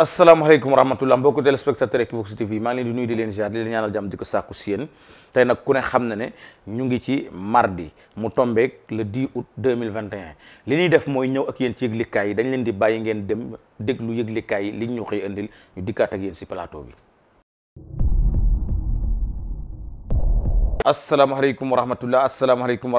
asalaamaaleykum wa rahmatullah mbokku téléspectateur Equivox TV maa ngi leen di nuyu di leen ziar di leen ñaanal jàmm di ko saaku si yéen tey nag ku ne xam na ne ñu ngi ci mardi mu tombeek le 10 août 2021 li ñuy def mooy ñëw ak yéen ci yëglikaay yi dañ leen di bàyyi ngeen dem déglu yëglikaay yi liñ ñu xëy andil ñu dikkaat ak yéen si plateau bi. asalaamaaleykum wa rahmatullah asalaamaaleykum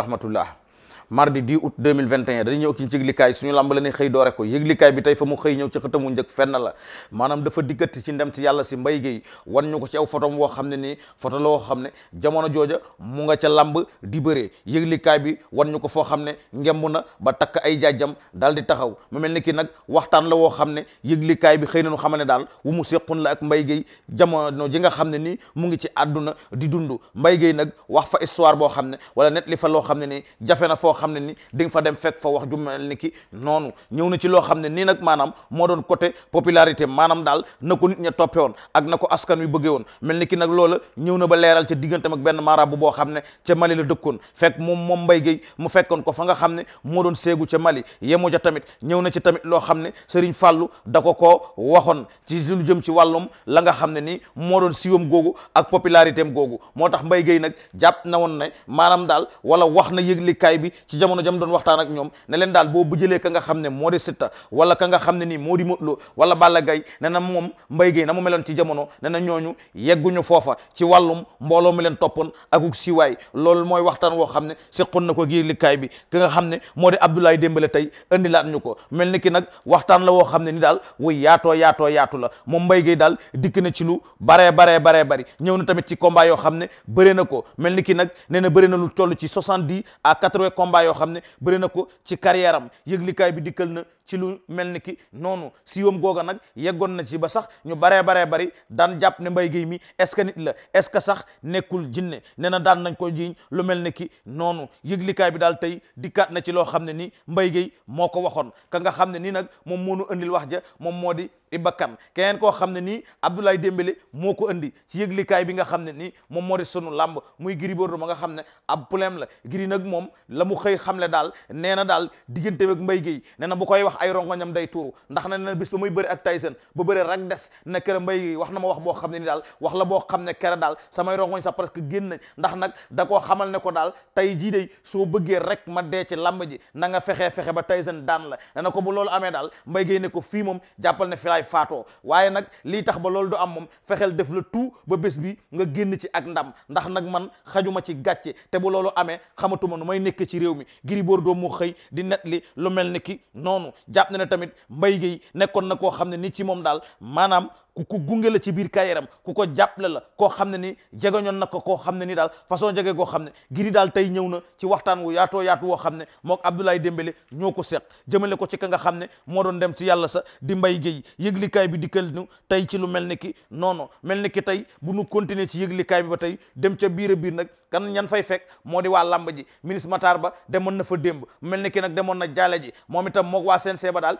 mardi 10 août 2021 dañu ñëw ci yëglikaay suñu làmb la ne xëy doore ko yëglikaay bi tey fa mu xëy ñëw ci xëtamu njëkk fenn la maanaam dafa dikkati ci ndem ci yàlla si mbay géey wan ñu ko ci aw photom xam ne nii photo la woo xam ne jamono jooja mu nga ca làmb di bëree yëglikaay bi wan ñu ko foo xam ne ngemb na ba takk ay jaajam daal di taxaw mu mel ni ki nag waxtaan la woo xam ne yëglikaay bi xëy na ñu xam ne daal wu mu sequn la ak mbay géey jamono ji nga xam ne nii mu ngi ci àdduna di dund mbay géey nag wax fa histoire boo xam ne wala net li fa loo xam ne nii jafe na foo xam ne ni di nga fa dem fekk fa wax ju mel ni ki noonu ñëw na ci loo xam ne nii nag maanaam moo doon côté popularité maanaam daal na ko nit ña toppe woon ak na ko askan wi bëggee woon mel ni ki nag loola ñëw na ba leeral ca diggante mag benn marabu boo xam ne ca Mali la dëkkoon fekk moom moom Mbaye Guèye mu fekkoon ko fa nga xam ne moo doon seegu ca Mali yemu ja tamit ñëw na ci tamit loo xam ne Serigne Fallou da ko koo waxoon ci lu jëm ci wàllum la nga xam ne nii moo doon siwam googu ak popularité am googu moo tax Mbaye Guèye nag jàpp na woon maanaam daal wala wax na yëglikaay bi ci jamono jam doon waxtaan ak ñoom ne leen daal boo bëjëlee ka nga xam ne moo di Siteu wala ka nga xam ne nii moo di Modou Lo wala Balla Gaye na moom Mbaye Guèye na mu meloon ci jamono ne na ñooñu yegguñu foofa ci wàllum mbooloo mi leen toppoon akuk siwaay loolu mooy waxtaan woo xam ne seqoon na ko gi bi ki nga xam ne moo di Abdoulaye Dembélé tey indi laat ñu ko mel ni ki nag waxtaan la woo xam ne ni daal wuy yaatoo yaatoo yaatu la moom Mbaye Guèye daal dikk na ci lu baree baree baree bari ñëw na tamit ci combat yoo xam ne bëri na ko mel ni ki nag nee na bëri na lu toll ci soixante-dix à quatre-vingts combat yoo xam ne bëri na ko ci carrière am yëglikaay bi dikkal na ci lu mel ni ki noonu siiwam googa nag yeggoon na ci ba sax ñu baree baree bari daan jàpp ne mbay Guèye mi est-ce que nit la est-ce que sax nekkul jinne nee na daan nañ ko jiiñ lu mel ni ki noonu yëglikaay bi daal tey dikkaat na ci loo xam ne ni Mbaye Guèye moo ko waxoon ka nga xam ne nii nag moom moo nu indil wax ja moom moo di Iba Kane keneen koo xam ne nii Abdoulaye Dembélé moo ko indi ci yëglikaay bi nga xam ne nii moom moo di sunu làmb muy Gris Bordeaux ma nga xam ne ab la Gris nag moom la mu xëy xamle daal nee na daal diggante ak Mbaye Guèye na bu koy wax ay rongoñam day tuuru ndax na ne bis ba muy bëre ak Tyson ba bëri rak des ne kere mbay wax na ma wax boo xam ne ni daal wax la boo xam ne kere daal samay rongoñ sax presque génn nañ ndax nag da koo ko daal tey jii day soo bëggee rek ma dee ci lamb ji na nga fexee fexe ba Tyson daanu la ne na ko bu loolu amee daal mbay géy ne ko fii moom jàppal ne fi laay faatoo waaye nag lii tax ba loolu du am moom fexeel def la tout ba bés bi nga génn ci ak ndam ndax nag man xajuma ci gàcce te bu loolu amee xamatuma nu may nekk ci réew mi Gris Bordeaux mu xëy di net li lu mel ni ki noonu jàpp na ne tamit Mbaye Guèye nekkoon na koo xam ne ni ci moom daal maanaam ku ku gunge la ci biir carrière am ku ko jàppale la koo xam ne ni jegeñoon na ko koo xam ne ni daal façon jege koo xam ne Gris daal tey ñëw na ci waxtaan wu yaatoo yaatu woo xam ne mook Abdoulaye dembale ñoo ko seq jëmale ko ci ka nga xam ne moo doon dem ci yàlla sa di Mbaye Guèye yëglikaay bi dikkal nu tey ci lu mel ni ki noonu mel ni ki tey bu nu continuer ci yëglikaay bi ba tey dem ca biir a biir nag kan ñan fay fekk moo di waa làmb ji ministre Matar Ba dem demoon na fa demb mel ni ki nag demoon na jaale ji moom itam mook waa CNG ba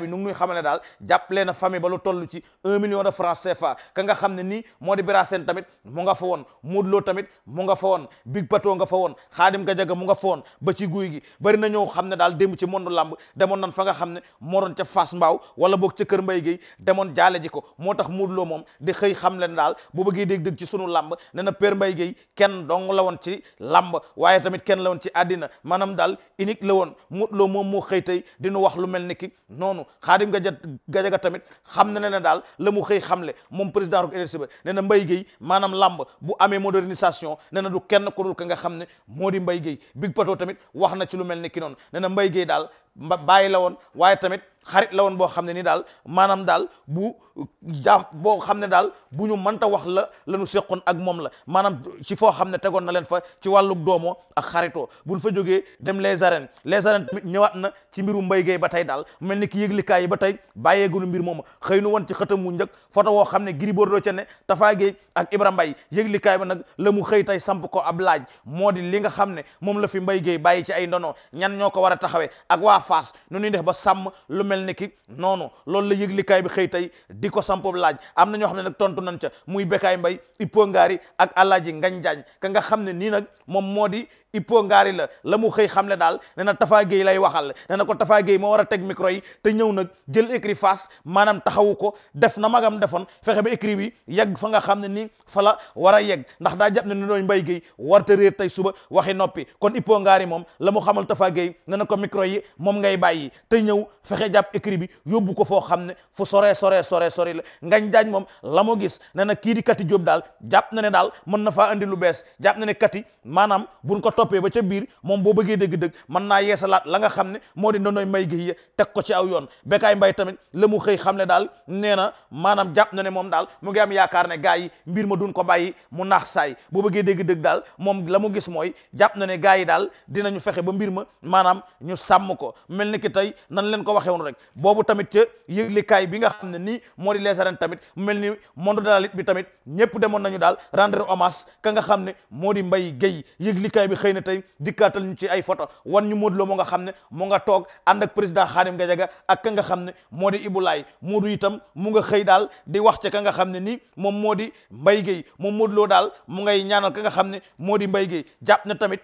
bi nu ngi nuy ne daal jàppale na famille ba lu toll ci million de francs CFA ka nga xam ne nii moo di Bira Sène tamit mu nga fa woon Modou Lo tamit mu nga fa woon Big Pato nga fa woon Khadim Gadiaga mu nga fa woon ba ci guy gi bari na ñoo xam ne daal démb ci monde lamb demoon nan fa nga xam ne moo doon ca Fass Mbao wala boog ca Kër Mbaye Guèye demoon jaale ji moo tax Modou Lo moom di xëy xam leen daal bu bëggee dégg-dégg ci sunu lamb ne na Père Mbaye Guèye dong la woon ci lamb waaye tamit kenn la woon ci àddina maanaam daal unique la woon Modou Lo moom moo xëy la mu xëy le moom président rok énergie ba nee na Mbaye Guèye maanaam làmb bu amee modernisation nee na du kenn ku dul ka nga xam ne moo di Mbaye Guèye Big Pato tamit wax na ci lu mel ni ki noonu nee na Mbaye daal mba bàyyi la woon waaye tamit xarit la woon boo xam ne ni daal maanaam daal bu jaam boo xam ne daal bu ñu mënta wax la la ñu seqoon ak moom la maanaam ci foo xam ne tegoon na leen fa ci wàllug doomoo ak xaritoo buñ fa jógee dem les arènes les arènes ñëwaat na ci mbiru Mbaye Gueye ba tey daal mel ni ki yëglikaay yi ba tey bàyyeegunu mbir mooma xëy nu woon ci xëtam mu njëkk foto woo xam ne Gris Bordeaux ca ne Tapha Gueye ak Ibrahima Mbaye yëglikaay ba nag la mu xëy tey samp ko ab laaj moo di li nga xam ne moom la fi Mbaye bàyyi ci ay ndono ñan ñoo ko war a taxawee face nu ñuy def ba sàmm lu mel ni ki noonu loolu la yëglikaay bi xëy tey di ko sampo laaj am na ñoo xam ne nag tu nañ ca muy Bekaay Mbay Ippo Ngaari ak Alaaji Ngañ Jaañ ka nga xam ne nii nag moom moo di Ippo Ngaari la la mu xëy xamle daal ne na Tafa Gueye lay waxal nee na ko Tafa Gueye moo war a teg micro yi te ñëw nag jël écrit fas maanaam taxawu ko def na magam defoon fexe ba écrit bi yegg fa nga xam ne nii fa la war a yegg ndax daa jàpp ne ni Mbay Gueye warta réer tey suba waxi noppi moom ngay bàyyi te ñëw fexe jàpp écrit bi yóbbu ko foo xam ne fu sore sore sore sore la ngañ jaañ moom la mu gis ne na kii di kati jóob daal jàpp na ne daal mën na faa andi lu bees jàpp na ne kati maanaam buñ ko toppee ba ca biir moom boo bëggee dëgg-dëgg mën naa yeesalaat la nga xam ne moo di ndondoy may gi ya teg ko ci aw yoon bekaay mbay tamit la mu xëy xam ne daal nee na maanaam jàpp na ne moom daal mu ngi am yaakaar ne gars yi mbir ma duñ ko bàyyi mu naax saay boo bëggee dëgg-dëgg daal moom la mu gis mooy jàpp na ne gars yi daal dinañu fexe ba mbir ma maanaam ñu sàmm ko mel ni ki tey nan leen ko waxee woon rek boobu tamit ca yëglikaay bi nga xam ne nii moo di leesaren tamit mel ni monde de la bi tamit ñëpp demoon nañu daal rendre hommage ka nga xam ne moo di Mbaye Guèye yëglikaay bi xëy na tey dikkaatal ñu ci ay photo wan ñu Modou Lo nga xam ne mu nga toog ànd ak président Khadim Gadiaga ak ka nga xam ne moo di Ibou Laye itam mu nga xëy daal di wax ca ka nga xam ne nii moom moo di Mbaye Guèye moom Modou daal mu ngay ñaanal ka nga xam ne moo di Mbaye Guèye jàpp na tamit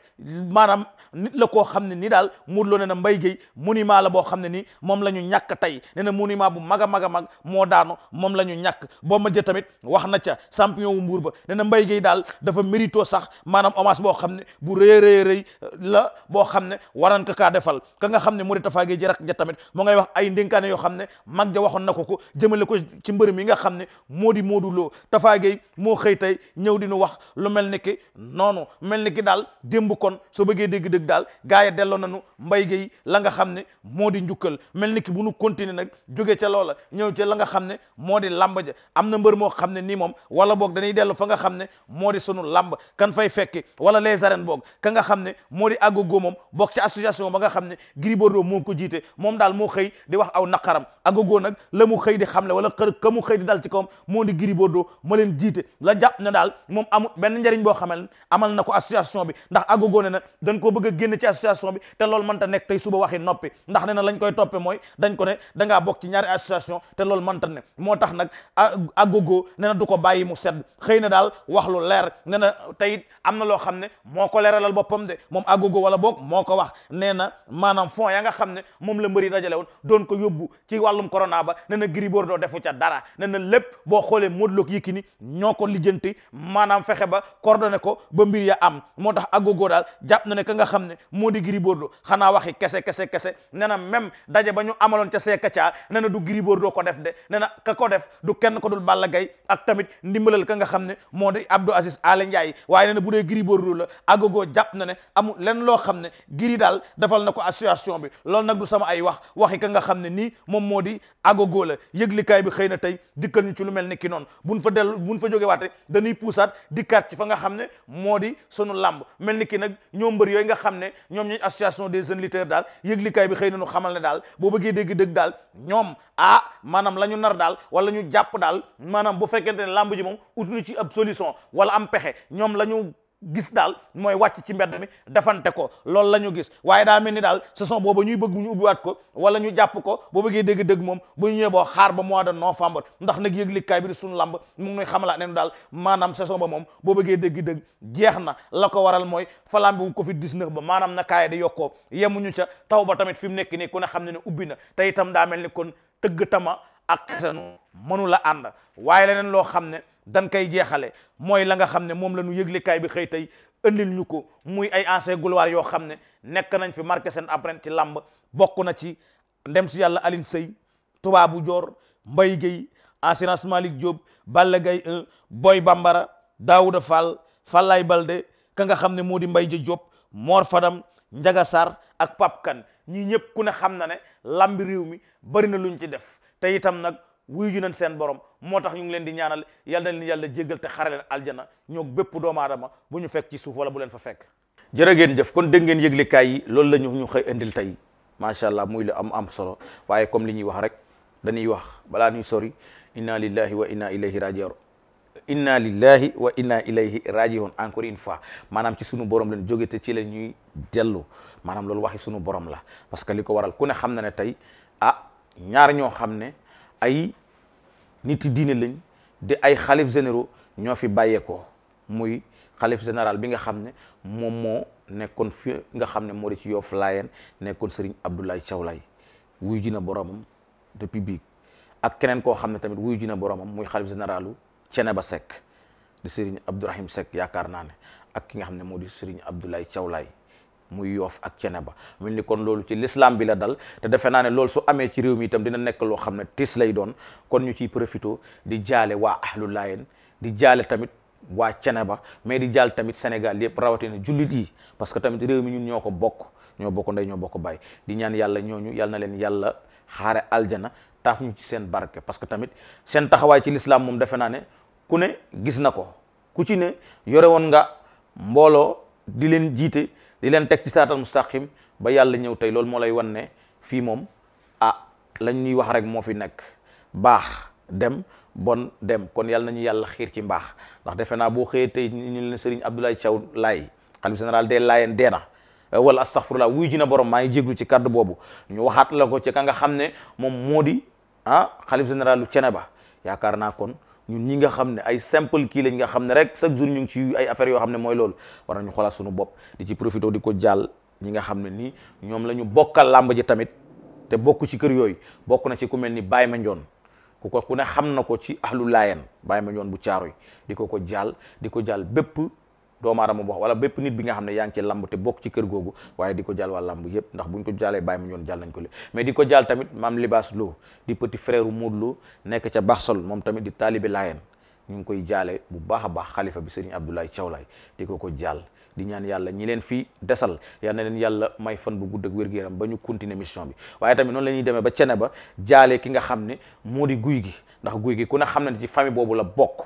maanaam nit la koo xam ne nii daal Modou Lo ne na Mbaye Guèye monument la boo xam ne nii moom la ñu ñàkk tey nee na monument bu mag a mag a mag moo daanu moom la ñu ñàkk boo ma jë tamit wax na ca champion wu mbuur ba nee mbay Mbaye daal dafa mérito sax maanaam hommage boo xam ne bu rëy rëy la boo xam ne waran ka kaa defal ka nga xam ne Mouride Tafage ji rak ja tamit mu ngay wax ay ndénkaane yoo xam ne mag ja waxoon na ko ko jëmale ko ci mbër mi nga xam ne moo di Modou Lo Tafage moo xëy tey ñëw di nu wax lu mel ni ki noonu mel ni ki daal démb kon soo bëggee dégg-dégg daal gaa ya delloo nañu Mbaye Guèye la xam ne moo di njukkal mel ni ki bu nu continuer nag jóge ca loola ñëw ca la nga xam ne moo di làmb ja am na mbër moo xam ne nii moom wala boog dañuy dellu fa nga xam ne moo di sunu làmb kan fay fekki wala les arènes boog ka nga xam ne moo di agogo moom bokk ci association ba nga xam ne Gris Bordeaux moo ko jiite moom daal moo xëy di wax aw naqaram agogo nag la mu xëy di xamle wala xër ka mu xëy di dal ci kawam moo di Gris Bordeaux ma leen jiite la jàpp na daal moom amul benn njariñ boo xamal amal na ko association bi ndax agogo ne na dañ koo bëgg a génn loolu mën ta nekk tey suba waxi noppi ndax ne na lañ koy toppe mooy dañ ko ne dangaa bokk ci ñaari association te loolu mënta ne moo tax nag agogo ne na du ko bàyyi mu sedd xëy na daal wax lu leer ne na teyit am na loo xam ne moo ko leeralal boppam de moom agogo wala boog moo ko wax nee na maanaam fond yaa nga xam ne moom la mbëri dajale woon doon ko yóbbu ci wàllum korona ba ne na Gris Bordeaux defu ca dara ne na lépp boo xoolee Modou Lo ak Yékini ñoo ko lijjanti maanaam fexe ba coordonné ko ba mbir ya am moo tax agogo daal jàpp na ka nga xam ne moo di Gris kese ne na même daje ba ñu amaloon ca seeka caa ne du Gris Bordeaux ko def de ne na ka ko def du kenn ko dul Balla Gaye ak tamit ndimbalal ka nga xam ne moo di Abdou Aziz Aly Ndiaye waaye bu dee Gris Bordeaux la agogo jàpp na loo xam ne Gris daal defal na ko association bi loolu nag du sama ay wax waxi ka nga xam ne nii moom moo di agogo la yëglikaay bi xëy na tey dikkal ñu ci lu mel ni ki noon buñ fa dellu buñ fa jóge waate dañuy puusaat dikkaat ci fa nga xam ne moo di sunu làmb mel ni ki nag ñoo mbër yooyu nga xam ne ñoom ñooy association des jeunes lutteurs daal yëglikaay bi xëy na ñu xamal ne daal boo bëggee dégg dëgg daal ñoom ah maanaam la ñu nar daal wala ñu jàpp daal maanaam bu fekkente ne làmb ji moom ut na ci ab solution wala am pexe ñoom la ñu gis daal mooy wàcc ci mbedd mi defante ko loolu la ñu gis waaye daa mel ni daal saison booba ñuy bëgg ñu ubbiwaat ko wala ñu jàpp ko boo bëggee dégg dëgg moom bu ñu ñëwee xaar ba mois de novembre ndax nag yëglikaay bi di suñu lamb mu ngi nuy xamalaat daal maanaam saison ba moom boo bëggee dégg-dégg jeex na la ko waral mooy flambe wu covid 19 ba maanaam na kaay di yokkoo yemuñu ca taw ba tamit fi mu nekk nii ku ne xam ne ne ubbi na te itam daa mel ni kon tëgg tama ak xesanu mënula la ànd waaye leneen loo xam ne dan koy jeexale mooy la nga xam ne moom la ñu yëglekaay bi xëy tey andil ñu ko muy ay ancien gloire yoo xam ne nekk nañ fi marqué seen apprenti ci làmb bokk na ci ndem si yàlla Alioune Seye Tubaabu Joor mbay Guèye assurance Malick job Balla gay 1 Boy Bambara Daouda Fall Fallay Balde ka nga xam ne moo di Mbaye Diop Mor Fadam Njaga Sarr ak Pape Kane ñii ñëpp ku ne xam na ne lambi réew mi bari na luñ ci def tey itam nag wuyu ju nañ seen borom moo tax ñu ngi leen di ñaanal yàlla na leen yàlla jéggal te xare leen aljana ñoo bépp doomu aadama bu ñu fekk ci suuf wala bu leen fa fekk jërë ngeen jëf kon dégg ngeen yëglikaay yi loolu la ñu ñu xëy indil tey macha allah muy lu am am solo waaye comme li ñuy wax rek dañuy wax balaa ñuy sori inna lillahi wa inna ilayhi rajiun inna lillahi wa inna ilayhi rajiun encore une fois maanaam ci sunu borom leen jóge te ci leen ñuy dellu maanaam loolu waxi sunu borom la parce que li ko waral ku ne xam na ne tey ah, ñaar ñoo xam ne ay nit yi diine lañ di ay xalif généraux ñoo fi bàyyeekoo muy xalif général bi nga xam ne moom moo nekkoon fi nga xam ne moo di ci Yoff Laayeen nekkoon sëriñ Abdoulaye Thiaw Laye wuyu ji na boromam depuis biig ak keneen koo xam ne tamit wuy ji na boromam muy xalif généralu Ceneba Seck di Serigne Abdourahim Seck yaakaar naa ne ak ki nga xam ne moo di Serigne Abdoulaye Thiaw Laye muy yoof ak cene ba ni kon loolu ci lislaam bi la dal te defe naa ne loolu su amee ci réew mi tam dina nekk loo xam ne tiis lay doon kon ñu ciy profito di jaale waa ahlu laayeen di jaale tamit waa cene ba mais di jaal tamit Sénégal yëpp rawatina jullit yi parce que tamit réew mi ñun ñoo ko bokk ñoo bokk ndey ñoo bokk bàyyi di ñaan yàlla ñooñu yàlla na leen yàlla xaare aljana taaf ñu ci seen barke parce que tamit seen taxawaay ci lislaam moom defe naa ku ne gis na ko nga mbooloo di leen jiite di leen teg ci saatal mustaqim ba yàlla ñëw tey loolu moo lay wan ne fii moom ah lañ ñuy wax rek moo fi nekk baax dem bon dem kon yàlla nañu yàlla xiir ci mbaax ndax defe naa boo xëyee tey ñu leen Serigne Abdoulaye Thiaw laay xalif général de Layènes dee na eh, wala astaghfirullah wuy ji na borom maa ngi jéglu ci kàddu boobu ñu waxaat la ko ci ka nga xam ne moom moo di ah xalif général lu Thiénaba yaakaar naa kon ñun ñi nga xam ne ay simple kii lañ nga xam ne rek chaque jour ñu ngi ci ay affaires yoo xam ne mooy loolu war nañu xoolaat suñu bopp di ci profité di ko jàll ñi nga xam ne nii ñoom la ñu bokkal làmb ji tamit te bokk ci kër yooyu bokk na ci ku mel ni Baye Mandione ku ko ku ne xam na ko ci ahlu laayen Baye Mandione bu caaru yi di ko ko jàll di ko jàll bépp doomaaram aadama boo wala bépp nit bi nga xam ne yaa ngi ci lamb te bokk ci kër googu waaye di ko jàll waa lamb yëpp ndax buñ ko jàllee bàyyi mu ñoon jàll nañ ko ko jàll tamit maam libaas Lo di petit frère Modou Lo nekk ca moom tamit di taalibi Laayeen ñu ngi koy jaale bu baax a baax xalifa bi Serigne Abdoulaye Thiaw Laye di ko ko jàll di ñaan yàlla ñi leen fi desal yal na leen yàlla may fan bu gudd ak wér gu ba ñu continuer mission bi waaye tamit noonu la demee ba cene ba jaalee ki nga xam ne moo di guy gi ndax guy gi ku ne xam ne ci famille boobu la bokk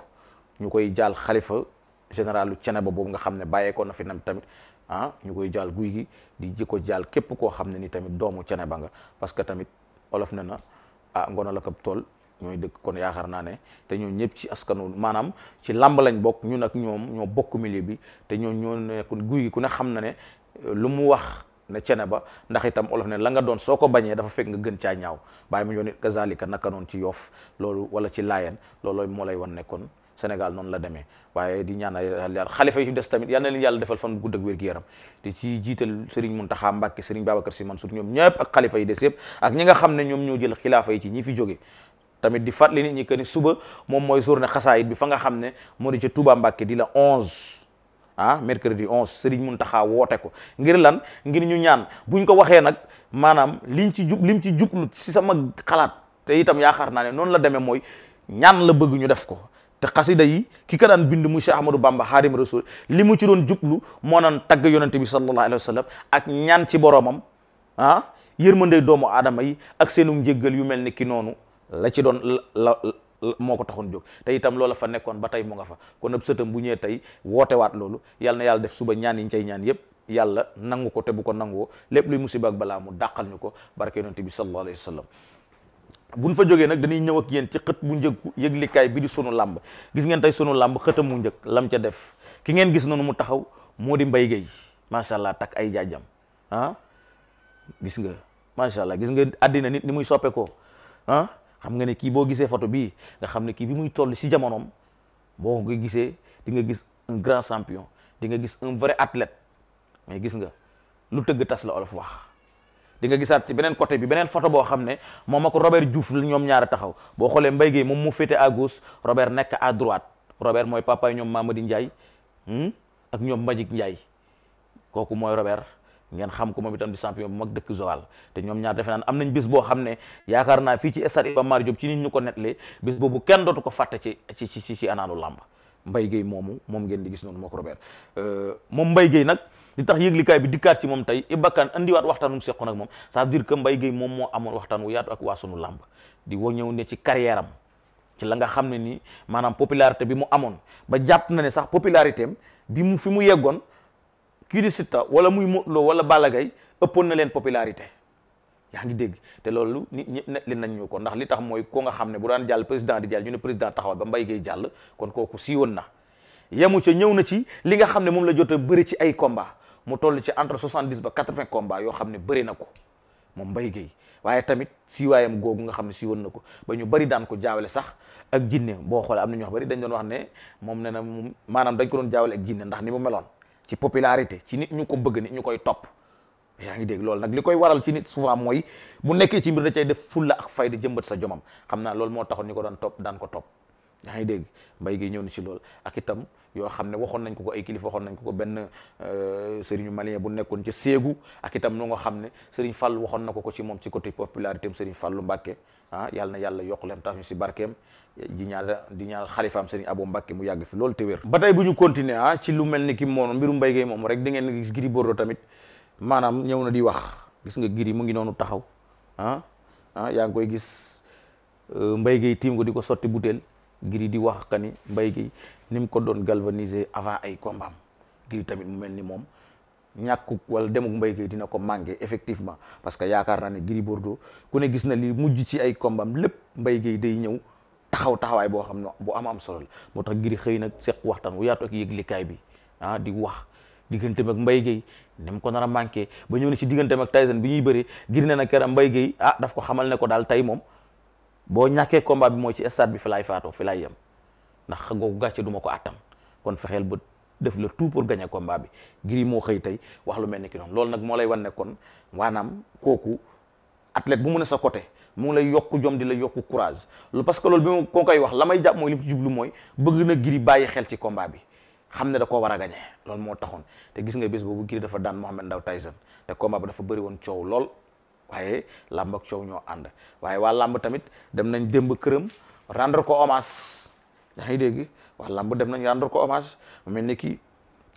ñu koy jaal xalifa généralu Thiénaba boobu nga xam ne bàyyeekoo na fi nam tamit ah ñu koy jaal guy gi di ji ko jaal képp koo xam ne ni tamit doomu ba nga parce que tamit olof na na ah ngoon la ko tool ñooy dëkk kon yaakaar naa ne te ñoo ñëpp ci askanu maanaam ci làmb lañ bokk ñun ak ñoom ñoo bokk milieu bi te ñoo ñoo nekk guy gi ku ne xam na ne eh, lu mu wax ne Thiénaba ndax itam olof ne la nga doon soo ko bañee dafa fekk nga gën caa ñaaw bàyyi ma ñoo nit kazalika naka noonu ci yoof loolu wala ci laayeen loolu moo lay wan nekkoon Sénégal noonu la demee waaye di ñaan yàlla xalifa yi fi des tamit yal na yàlla defal fan gudd ak wér-gu-yaram di ci jiital Serigne Mountakha Mbacké Serigne Babacar Sy Mansour ñoom ñëpp ak xalifa yi des yëpp ak nga xam ne ñoom ñoo jël xilaafa yi ci ñi fi jóge tamit di li nit ñi que ni suba moom mooy journée xasaayit bi fa nga xam ne moo di ca tubaa Mbacké di la onze ah mercredi 11 Serigne Mountakha woote ko ngir lan ngir ñu ñaan buñ ko waxee nag maanaam liñ ci jub lim ci jublu ci sama xalaat te itam yaakaar naa ne noonu la demee mooy ñaan la bëgg ñu def ko te xasida yi ki ka daan bind mu Cheikh Ahmadou Bamba Xaadim Rasul li mu ci doon jublu moo naan tagg yonente bi sallallahu alayhi wa ak ñaan ci boroomam ah yërmande doomu aadama yi ak seenu njéggal yu mel ni ki noonu la ci doon la moo ko taxoon jóg te itam loola fa nekkoon ba tey mu nga fa kon ab sëtam bu ñëwee tey woote waat loolu yàlla na yàlla def suba ñaan yi ñu cay ñaan yépp yàlla nangu ko te bu ko nangoo lépp luy musiba ak balaa mu dàqal ñu ko barke bi sallallahu alayhi wa sallam bu buñ fa jógee nag dañuy ñëw ak yéen ci xët bu njëkk yëglikaay bi di sunu làmb gis ngeen tey sunu làmb xëtam mu njëkk lam ca def ki ngeen gis noonu mu taxaw moo di Mbaye Guèye macha allah takk ay jaajam ah gis nga macha allah gis nga àddina nit ni muy soppeekoo ah xam nga ne kii boo gisee photo bii nga xam ne kii bi muy toll si jamonoom boo ko gisee di nga gis un grand champion di nga gis un vrai athlète mais gis nga lu tëgg tas la olof wax. di nga gisaat ci beneen côté bi beneen foto boo xam ne moo ak Robert Diouf ñoom ñaar a taxaw boo xoolee Mbaye Guèye moom mu féete à gauche Robert nekk à droite Robert mooy papa ñoom Mamadi Ndiaye hmm, ak ñoom Mbagnick Ndiaye kooku mooy Robert ngeen xam ko moom itam di champion bu mag dëkk Joal te ñoom ñaar defe naan am nañ bis boo xam ne yaakaar naa fii ci stade Iba Mar Diop ci nit ñu ko nettali bis boobu kenn dootu ko fàtte ci ci anaanu làmb mbay Gueye moomu moom ngeen di gis noonu mook Robert euh, moom Mbaye Gueye nag li tax yëglikaay bi dikkaat ci moom tey Iba Kane andiwaat waxtaan mu seqoon ak moom ça veut dire que Mbaye Gueye moom moo amoon waxtaan wu yaatu ak waa sunu làmb di woo ñëw ne ci carrière ci la nga xam ne nii maanaam popularité bi mu amoon ba jàpp na ne sax popularité am bi mu fi mu yeggoon kii di Siteu wala muy Modou Lo wala Balla Gaye ëppoon na leen popularité yaa ngi dégg te loolu nit ñi nettali nañ ñu ko ndax li tax mooy ko nga xam ne bu daan jàll président di jàll ñu ne président taxawal ba Mbaye Guèye jàll kon kooku siiwoon na yemu ca ñëw na ci li nga xam ne moom la jot bëri ci ay combat mu toll ci entre 70 ba 80 combat yoo xam ne bëri na ko moom Mbaye Guèye waaye tamit siiwaayam googu nga xam ne siiwoon na ko ba ñu bari daan ko jaawale sax ak ginne boo xoolee am na ñu wax bari dañ doon wax ne moom nee na maanaam dañ ko doon jaawale ak jinne ndax ni mu meloon ci popularité ci nit ñu ko bëgg nit ñu koy topp yaa ngi dégg lool nag li koy waral ci nit souvent mooy bu nekkee ci mbir da cay def fulla ak fayda jëmbat sa jomam xam naa loolu moo taxoon ñu ko daan topp daan ko topp yaa ngi dégg mbay gi ñëw na ci lool ak itam yoo xam ne waxoon nañ ko ko ay kilifa waxoon nañ ko ko benn euh, sëriñu malien bu nekkoon ci ak itam lu nga xam ne sëriñ Fall waxoon na ko ko ci moom ci côté popularité am sëriñ Fallu Mbàkke ah yàlla na yàlla yokk leen tax ñu si barkeem di ñaal di a xalifaam sëriñ Abo Mbàkke mu yàgg fi loolu te wér ba tey bu ñu continuer ah ci lu mel ni ki moom mbiru mbay gi moom rek di ngeen gis Gris Bordeaux tamit maanaam ñëw na di wax gis nga giri mu ngi noonu taxaw ah ah yaa ngi koy gis euh, mbay gay tiim ko di ko sotti butéel giri di wax ka ni mbay gay ni mu ko doon galvaniser avant ay combat giri tamit mu mel ni moom ñàkkuk wala demuk mbay gay dina ko manqué effectivement parce que yaakaar naa ne giri Bordeaux ku ne gis na li mujj ci ay combat lépp mbay gay day ñëw taxaw taxawaay boo xam ne bu am am solo la moo tax giri xëy nag seq waxtaan wu yaatu ak yëglikaay bi ah di wax digganteem ak Mbaye Guèye ni mu ko nar a manqué ba ñëw si ci digganteem ak Tyson bi ñuy bëri gis na ne mbay Mbaye Guèye ah daf ko xamal ne ko daal tey moom boo ñàkkee combat bi mooy ci stade bi fi laay faatoo fi laay yem ndax xa googu gàcce ko attan kon fexeel ba def le tout pour gagner combat bi Gris moo xëy tey wax lu mel ni ki loolu nag moo lay wan ne maanaam kooku athlète bu mu ne sa côté mu ngi lay yokk jom di la yokk courage lu parce que loolu bi ko koy wax la may jàpp mooy li mu jublu mooy bëgg na gir bàyyi xel ci combat bi. xam ne da koo war a gañe loolu moo taxoon te gis nga bis boobu Gris dafa daan Mohamed Ndao Tyson te combat ba dafa bari woon coow lool waaye làmb ak coow ñoo ànd waaye waa lamb tamit dem nañ démb këram rendre ko hommage yaa ngi dégg waa làmb dem nañ rendre ko hommage mu mel ni kii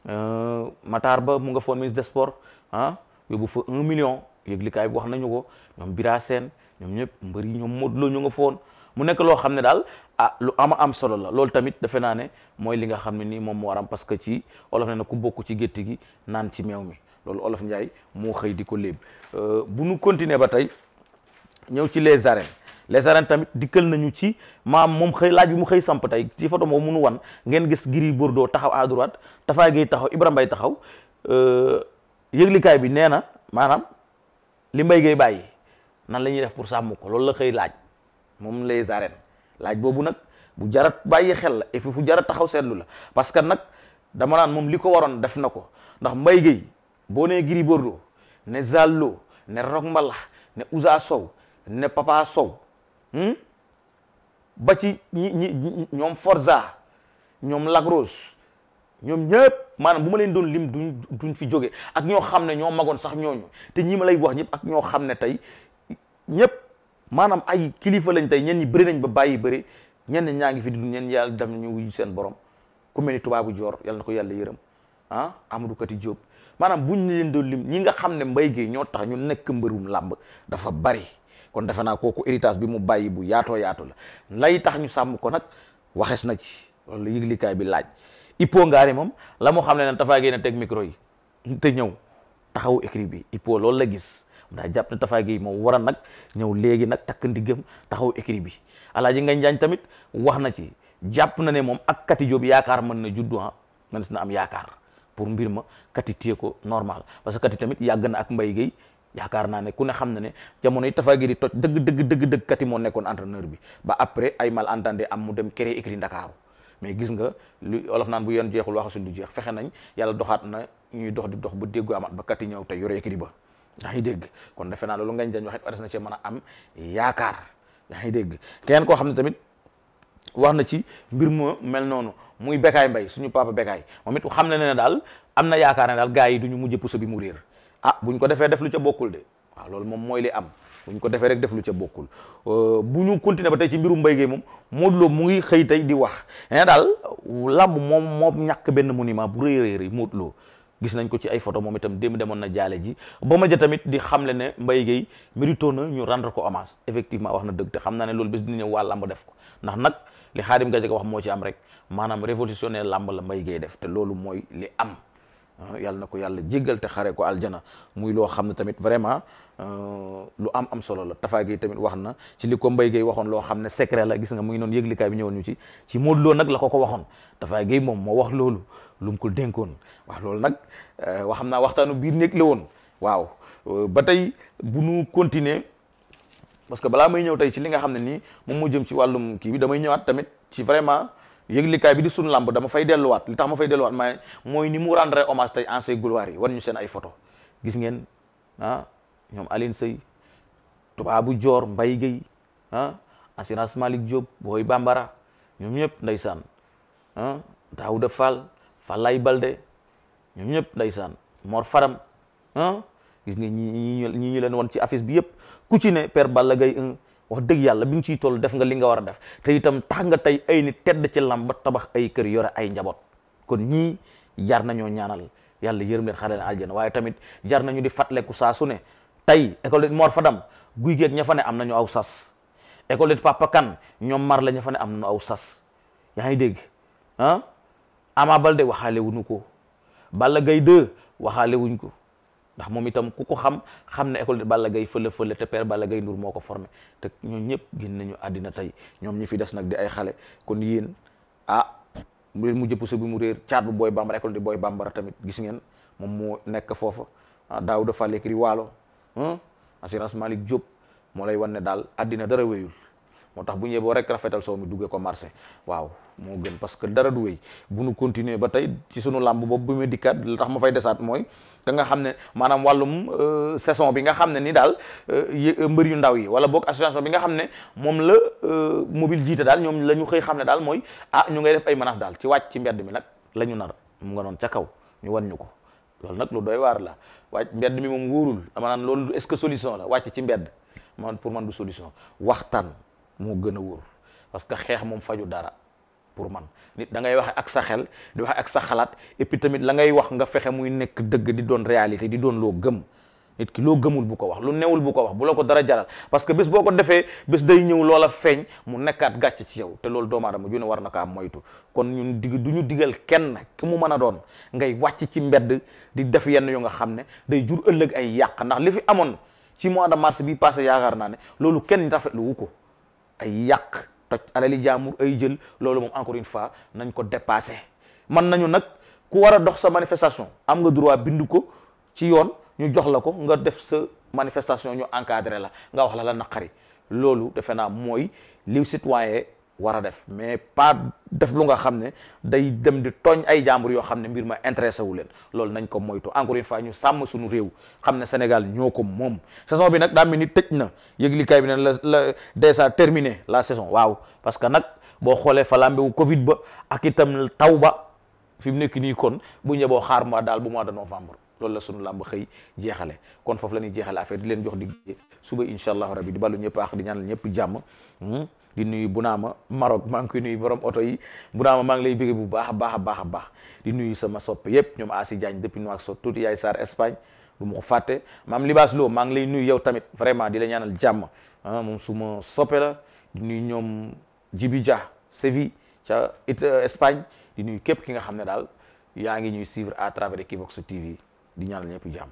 euh, Matar Ba mu nga foon ministre des sports ah yóbbu fa un million yëglikaay bi wax nañu ko ñoom Bira Sène ñoom ñëpp mbër yi ñoom Modou ñu nga foon mu nekk loo xam ne daal ah lu ama am solo la loolu tamit defe naa ne mooy li nga xam ne nii moom moo waram parce que ci olof ne na ku bokku ci gétt gi naan ci meew mi loolu olof Njaay moo xëy di ko léeb euh, bu nu continuer ba tey ñëw ci les arènes les arènes tamit dikkal nañu ci maam moom xëy laaj bi mu xëy samp tey ci photo moom munu wan ngeen gis Gris Bordeaux taxaw à droite Tafa Gueye taxaw Ibrahima Mbaye taxaw euh, yëglikaay bi nee na maanaam li Mbaye Gueye bàyyi nan la ñuy def pour sàmm ko loolu la xëy laaj moom les arènes laaj boobu nag bu jarat bàyyi xel la et fu jarat taxaw seetlu la parce que nag dama naan moom li ko waroon def na ko ndax mbay Guèye boo nee Gris Bordeaux ne Zallo ne Rock Mbalax ne Ousa Sow ne Papa Sow hmm? ba ci ñoom Forza ñoom Lagros ñoom ñëpp maanaam bu ma leen doon lim duñ duñ fi jóge ak ñoo xam ne ñoo magoon sax ñooñu te ñii ma lay wax ñëpp ak ñoo xam ne tey ñëpp maanaam ay kilifa lañ tey ñenn ñi bëri nañ ba bàyyi bëri ñenn ñaa ngi fi di dund ñenn yàlla def ñu wuyu seen borom ku mel ni tubaabu joor yàlla na ko yàlla yërëm ah Amadou Kati Diop maanaam buñ leen doon lim ñi nga xam ne mbay gi ñoo tax ñu nekk mbërum làmb dafa bari kon defe naa kooku héritage bi mu bàyyi bu yaatoo yaatu la lay tax ñu sàmm ko nag waxees na ci loolu yëglikaay bi laaj Ippo Ngaari moom la mu xam ne nag dafaa génn teg micro yi te ñëw taxawu écrit gis daa jàpp ne Tafa moom war nag ñëw léegi nag takk ndiggam taxaw écrit bi ji nga Njaañ tamit wax na ci jàpp na ne moom ak Kati Diop yaakaar mën na juddu ah mën na am yaakaar pour mbir ma Kati téye ko normal parce que tamit yàgg na ak Mbaye Gueye yaakaar naa ne ku ne xam na ne jamono yi Tafa Gueye di toj dëgg dëgg dëgg dëgg Kati moo nekkoon entraîneur bi ba après ay malentendu am mu dem créer écrit Ndakaaru mais gis nga lu olof naan bu yoon jeexul waxasul du jeex fexe nañ yàlla doxaat na ñuy dox di dox ba déggu amaat ba Kati ñëw te yore écrit ba yaa ngi dégg kon defe naa loolu ngañ dañ wax it wares na cee mën a am yaakaar yaa ngi dégg keneen koo xam ne tamit wax na ci mbir mu mel noonu muy bekkaay Mbaye suñu papa Bekaay moom it xam na ne daal am na yaakaar ne daal gars yi du ñu mujj puso bi mu réer ah buñ ko defee def lu ca bokkul de waaw loolu moom mooy li am buñ ko defee rek def lu ca bokkul euh, bu ñu continuer ba tey ci mbirum mbéy gi moom Modou Lo mu ngi xëy tey di wax ne eh, daal làmb moom moom ñàkk benn monument bu rëy a rëy Modou Lo gis nañ ko ci ay photo moom itam démb demoon na jaale ji ba ma ja tamit di xamle ne Mbaye Gueye mérito na ñu rendre ko hommage effectivement wax na dëgg te xam naa ne loolu bés dina ñëw waa làmb ko ndax nag li Xaadim Gadiaga wax moo am rek maanaam révolutionnaire làmb la Mbaye Gueye def te loolu mooy li am ah, yàlla na ko yàlla jéggal te xare ko aljana muy loo xam ne tamit vraiment euh, lu am am solo la Tafa Gueye tamit wax na ci li ko Mbaye Gueye waxoon loo xam ne secret la gis nga mu ngi noonu yëglikaay bi ñëwoon ñu ci ci Modou nag la ko ko wax loolu lu mu ko dénkoon waaw loolu nag euh, wax xam naa waxtaanu biir nekk la woon waaw euh, ba tey bu nu continuer parce que balaa may ñëw tey si li nga xam ne nii moom moo jëm ci wàllum kii bi damay ñëwaat tamit ci vraiment yëglikaay bi di sunu lamb dama fay delluwaat li tax ma fay delluwaat maa mooy ni mu rendre hommage tey ancien gloire yi war ñu seen ay photo gis ngeen ah ñoom Aline Sey Tubaabu Joor Mbay Géy ah assurance Malick Diop booy Bambara ñoom ñëpp ndeysaan ah Daouda Fall Falaye Balde ñoom ñëpp ndeysaan Mor Faram ah gis nga ñi ñi ñu leen won ci affice bi yëpp ku ci ne Père Balla Gaye wax dëgg yàlla bi nga ciy toll def nga li nga war a def te itam tax nga tey ay ni tedd ci lam ba tabax ay kër yore ay njaboot kon ñii jar nañoo ñaanal yàlla yërëm leen xare leen aljana waaye tamit jar nañu di fàttaleku saa su ne tey école Mor Fadam guy geeg ña fa ne am nañu aw sas école Papa ñoom mar la ña am nañu aw sas yaa ngi dégg ah? Ama Baldé waxaale wuñu ko Balla gay 2 waxaale wuñ ko ndax moom itam ku ko xam xam ne école de Balla Gaye fële fële te père Balla Gaye Ndour moo ko formé te ñoom ñëpp génn nañu àddina tey ñoom ñi fi des nag di ay xale kon yéen ah mu leen mu jëpp sa bi mu réer caat bu booy bambara école di booy bambara tamit gis ngeen moom moo nekk foofa ah Daouda Fall écurie Waalo assurance malik Diop moo lay wan ne daal àddina dara wéyul moo tax bu ñu rek rafetal soow mi duggee ko marché waaw moo gën parce que dara du wéy bu nu continuer ba tey ci sunu làmb boobu bu ma dikkaat li tax ma fay desaat mooy ka nga xam ne maanaam wàllum euh, saison bi nga xam ne ni daal euh, euh, mbër yu ndaw yi wala boog association bi nga xam ne moom la mobile jiite daal ñoom la ñu xëy xam ne daal mooy ah ñu ngay def ay menaces daal ci wàcc ci mbedd mi nag la ñu nar mu nga doon ca kaw ñu wan ñu ko loolu nag lu doy waar la wàcc mbedd mi moom wóorul dama loolu est-ce que solution la wàcc ci mbedd man pour man du solution waxtaan moo gën a wóor parce que xeex moom faju dara pour man nit da ngay waxe ak sa xel di waxe ak sa xalaat et puis tamit la ngay wax nga fexe muy nekk dëgg di doon réalité di doon loo gëm nit ki loo gëmul bu ko wax lu newul bu ko wax bu la ko dara jaral parce que bés boo ko defee bés day ñëw loola feeñ mu nekkaat gàcce ci yow te loolu doomu aadama ju ne war na ko am moytu kon ñu digg du ñu digal kenn ki mu mën a doon ngay wàcc ci mbedd di def yenn yu nga xam ne day jur ëllëg ay yàq ndax li fi amoon ci mois de mars bi passé yaakaar naa ne loolu kenn rafetlu wu ko ay yàq toj alali jaamur ay jël loolu moom encore une fois nañ ko dépassé man nañu nag ku war a dox sa manifestation am nga droit bind ko ci yoon ñu jox la ko nga def sa manifestation ñu encadré la nga wax la la naqari loolu defe naa mooy li citoyen war a def mais pas def lu nga xam ne day dem di tooñ ay jàmbur yoo xam ne mbir ma intéressé wu leen loolu nañ ko moytu encore une fois ñu sàmm suñu réew xam ne Sénégal ñoo ko moom saison bi nag daa mel ni tëj na yëglikaay bi ne la la déjà terminé la saison waaw parce que nag boo xoolee falambewu Covid ba ak itam taw ba fi mu nekk nii kon bu ñëboo xaar ma daal bu mois de novembre lool la suñu làmb xëy jeexale kon foofu la ñuy jeexale affaire di leen jox dig suba incha allahu rabbi di ballu ñëpp ak di ñaanal ñëpp jàmm hmm? di nuyu Bunaama Maroc maa ngi koy nuyu borom oto yi Bunaama maa ngi lay bëgg bu baax a baax baax baax di nuyu sama soppe yëpp ñoom Asi Diagne depuis Nouakchott tuuti yaay Sarr Espagne bu ma ko fàtte maam Libaas Lo maa ngi lay nuyu yow tamit vraiment di la ñaanal jàmm ah, moom su ma soppe la nuyu ñoom jibi Dia Séville ca it euh, Espagne di nuyu képp ki nga xam ne daal yaa ngi ñuy suivre à travers Equivox TV di ñaanal ñëpp jàmm